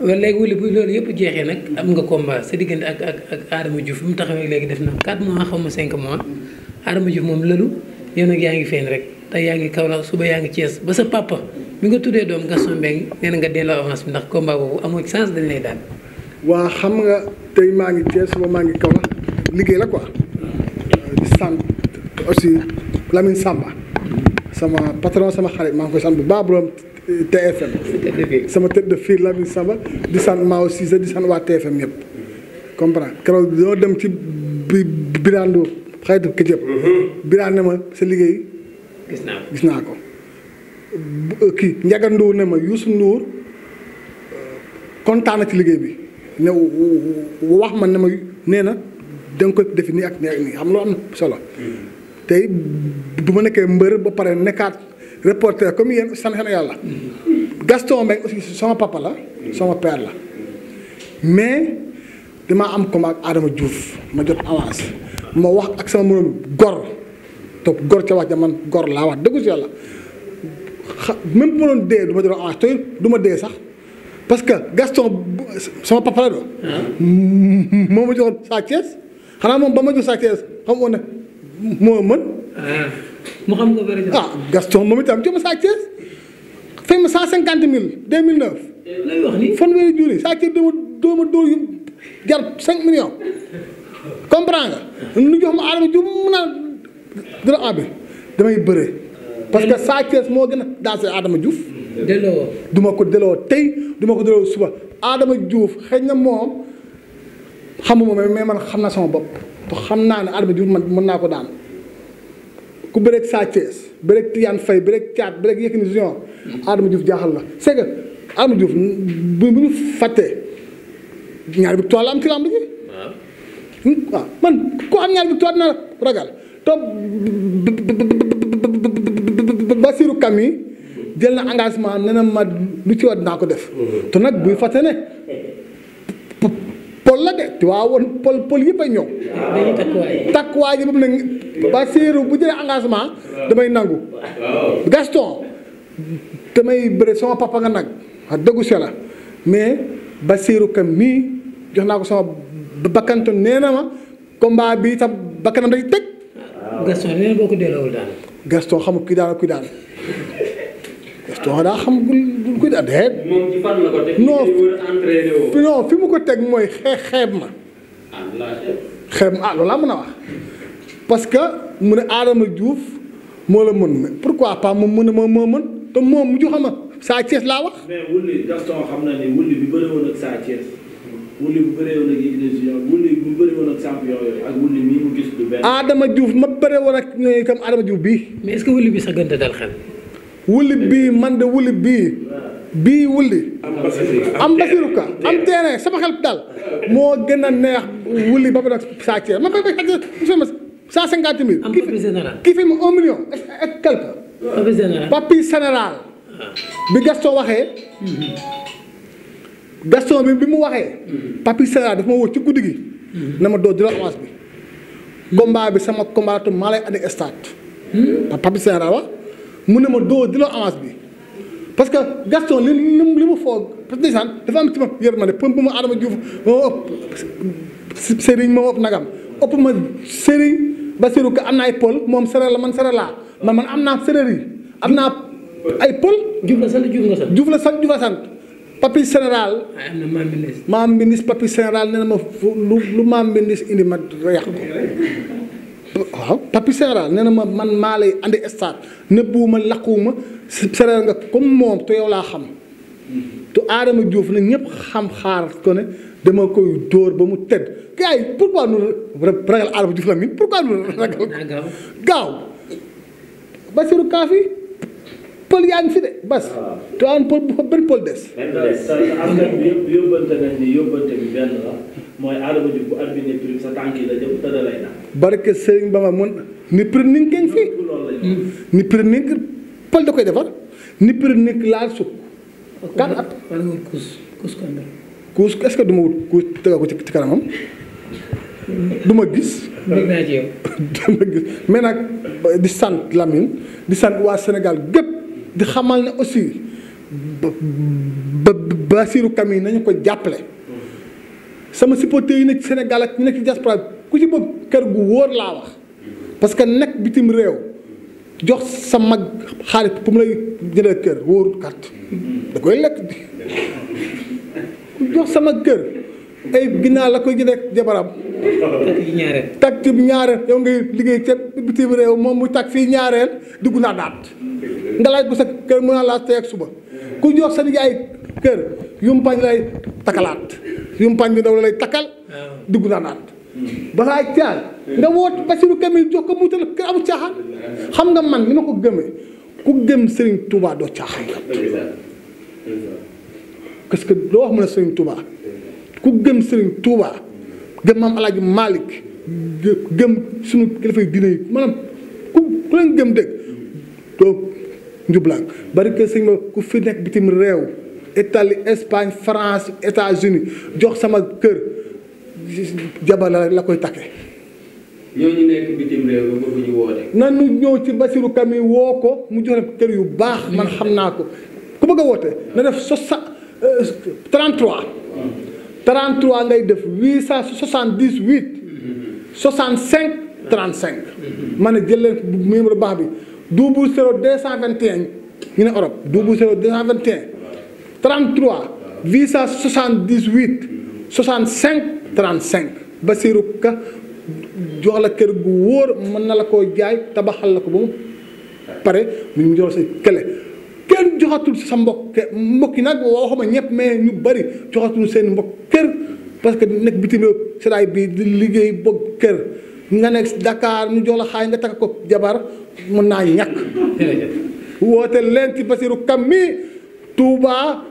léegi wuli bu loolu yëpp jeexee nag am nga combat sa diggante ak ak ak Adama Diouf bi mu taxawee léegi def na 4 mois xaw ma 5 mois Adama Diouf moom lëlu yow nag yaa ngi feeñ rek te yaa ngi kaw Kaolack suba yaa ngi cees ba sa papa bi nga tuddee doom Gaston Mbengue nee na nga delloo avance bi ndax combat boobu amoo chance dañ lay daan. waa xam nga tey maa ngi Thiès suba maa ngi Kaolack liggéey la quoi sant aussi Lamine Samba sama patron sama xarit maa ngi koy sant bu TFM sama tête de fil Lamine Samba di sant Mao Cissé di sant waa TFM yëpp comprendre keroog ñoo dem ci bi Birane Ndour xaytu këjëb Birane ne ma sa liggéey gis naa ko gis naa ko ne ma Youssou Ndour kontaan ci liggéey bi ne wax ma ne ma neena na danga koy def nii ak nii ak nii xam loo am solo hmm. tey bu ma nekkee mbër ba pare nekkaat reporter comme yéen sant na yàlla. Gaston Mbengue aussi sama papa la. sama père la mais damaa am combat ak Adama Diouf ma jot avance ma wax ak sama moroom gor te gor ca wax ja man gor laa wax dëggu si yàlla xa même bu ma doon dee du ma jot avance te du ma dee sax. parce que Gaston sama papa la doon. Ah. moo ma joxoon Sa Thiès xanaa moom ba ma jox Sa Thiès xam nga ne mën. Ah. mu xam ko bëri ah Gaston moom itam jox ma Sa Thiès fay ma cent cinquante mille deux mille neuf. lay wax nii fanweeri dama dóoma dóor yu jar cinq millions comprendre nga nu jox ma Adama Diouf mu damay bëre parce que Sa Thiès moo gën a dansé Adama Diouf. ko delloo tey du ko delloo suba Diouf xëy na moom xamuma mais man xam na sama bopp xam naa ne Adama Diouf mën naa ko daan. ku bëreeg Sa Thiès bëreeg Tidiane Faye bëreeg Thiat bëreeg Yékini Junior Adama Diouf jaaxal la c'est que Adama Diouf bu bu ñu fàttee ñaari victoire la am ci lamb ji waaw ah, man ku am ñaari victoire dina ragal te Basirou Kam yi jël na engagement ne na ma lu ci war dinaa ko def te nag buy fàtte ne pol la de te waa woon pol pol yëpp a ñëw takkuwaay yi moom na Bassirou bu jëlee engagement damay nangu. Gaston damay bëre sama papa nga nag wax dëggu si mais Bassirou kam mii jox naa ko sama bakkantu nee na ma combat bi tam bakkanam day teg. Gaston nee na boo ko delloowul daal. Gaston xamul daa xam gul gul kuy daal déet. moom teg. non fi mu ko teg mooy xeeb xeeb ma. Ah, xeeb ah loolu laa mën a wax. parce que mu ne Adama Diouf moo la mën mais pourquoi pas moom mu ne ma moo mën te moom mu joxe ma Sa Thiès laa wax. mais wulli ma bëre ak ñoom itam Adama Diouf bii. est-ce que wulli bi sa gën dal xel. wulli bii man de wulli bii. bii wulli. am basiru am terrain sama xel daal moo gën a neex wulli ba mu nekk Sa Thiès ma koy koy cent cinquante mille. am papi général ki mu un million ak quelque. papi général ah. bi Gaston waxee. Mm-hmm. Gaston bi bi mu waxee. Mm-hmm. papi général dafa ma wóor ci guddi gi. Mm-hmm. na ma doo jëlal avance bi. combat bi sama combat tu maa lay andi stade. Hmm? papi général wax mu ne ma doo jëlal avance bi. parce que Gaston li mu li mu foog parce que ndeysaan dafa am ci ma yërmande pëm bu ma Adama Diouf moo ëpp Serigne moo ëpp nagam ëpp ma Serigne. Bassirou Ka am na ay pël moom séeréer la man séeréer laa man man am naa séeréer yi am naa ay pël. Diouf la sant Diouf la sant Diouf la sant papi général. maam ministre papi lu lu indi ma yàq ko waaw papi général nee ma man maa lay andi stade nëbbuwuma laquma séeréer nga comme moom te yow laa xam. te Adama Diouf nag ñëpp xam xaar ko ne dama koy dóor ba mu tëdd gaaw Bassirou Kaafi pël yaa ngi fi de bas te am pël bu fa benn pël des am na bi benn sa tànk la jëm tëdd lay naan barke Serigne Bamba mun ni ni ngi kañ fii ni prime pël da koy defar ni ni laal suuf 4 at wala kuus kuus kandal. que du ma wut kuus tega ko ci kanamam. du ma gis. dégg ma gis mais nag di sant Lamine di sant waa Sénégal gépp di xamal ne aussi ba Bassirou Kami nañu ko jàppale. sama supporter yi nekk Sénégal ak ñu nekk ci ku ci bëgg kër gu wóor laa wax parce que nekk bitim réew. jox sa mag xaalis pour mu lay jëndal kër wóoru kat da koy lekk jox sa mag kër ay ginnaaw la koy jëndee jabaram takk ci ñaareel yow ngay liggéey ca bitim réew moom mu takk fii ñaareel dugg naa daat nga laaj bu sa kër mën naa laa tey ak suba ku jox sa nijaay kër yumpañ lay takkalaat yumpañ bi ndaw lay takkal ah. dugg naa daat balaa caal nga woote Bassirou Kamil jox ko mu tal kër amul caaxaan xam nga man li ma ko gëmee ku gëm Serigne Touba doo caaxaan parce que doo wax mu ne Serigne Touba ku gëm Serigne Touba gëm maam El Hadj Malick gëm suñu kilifa diine yi maanaam ku ku leen gëm dëgg doo njublaan bari que sëñ ma ku fi nekk bitim réew Italie Espagne France États-Unis jox sama kër. jabar la la koy takke ñooñu nekk na ñu ñëw ci Bassirou Kami woo ko mu jox kër yu baax. man xam naa ko ku bëgg a woote. na def sosa 33. Euh, 33 ngay def 878. 65 35. ma ne jël leen numéro baax bi double zéro 221 ñu ne Europe double zéro 221. 33 878. 65. 35 Basirou Ka jox la kër gu wóor mën na la ko jaay tabaxal la ko ba mu pare mu ñu jox si kële kenn joxatul sa mbokk mbokk yi nag waxuma ñëpp mais ñu bari joxatul seen mbokk kër parce que nekk bitim réew séddaay bi di liggéey bëgg kër nga nekk Dakar ñu jox la xaay nga takk ko jabar mën naa ñàkk woote leen ci Ka mi Touba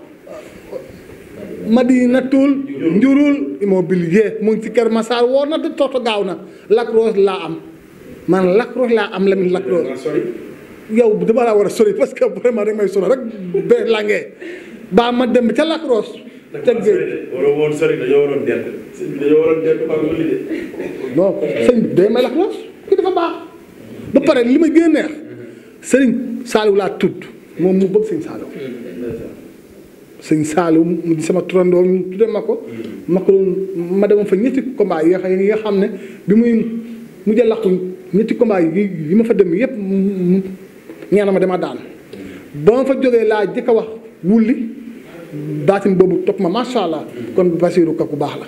madinatul njurul immobilier mu ngi ci Kër Massar woo na du toto gaaw na Lac Rose laa am man Lac Rose laa am Lamine Lac Rose yow dama laa war a sori parce que vraiment rek Rose teg géej li ma gën a neex sëriñ Saliou laa tudd moom mu bëgg sëñ Saliou sëñ Saalum mu sama turandoo ñu tudde ma ko mm. ma ko doon ma demoon fa ñetti combat yi nga xam ne bi muy mujj a làqu ñetti combat yi yi ma fa dem yëpp ñaana ma dama daan mm. ba ma fa jógee laa jëkk a wax wulli baatim boobu topp ma macha allah mm. kon Basiru ka ku baax la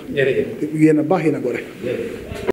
yéen a baax yéen a gore